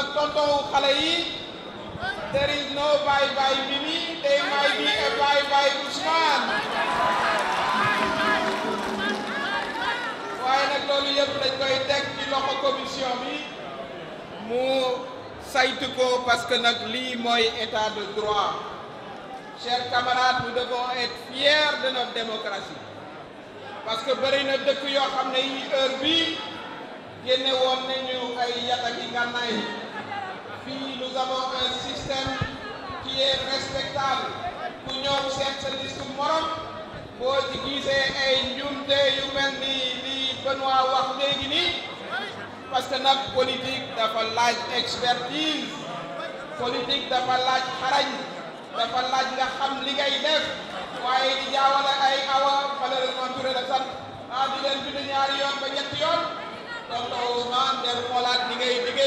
nag tontowu xale yi there is no bye bye Mimi there might be a bye bye Ousmane waaye nag loolu yëpp dañ koy teg loxo commission bi mu saytu ko parce que nag lii moy état de droit chers camarades nous devons être fiers de notre démocratie parce que bëri na dëkk yoo xam ne yi heure bii génne woon nañu ay yata ki ngànnaay avons un système qui est respectable ku ñëw seet sa liste morom boo ci ay njumte yu mel ni li Benoît wax léegi nii parce nag politique dafa laaj expertise politique dafa laaj xarañ dafa laaj nga xam li ngay waaye di jaawale ay awa malheureusement Touré la sant ah di leen bind yoon ba ñetti yoon donc Ousmane del xoolaat li ngay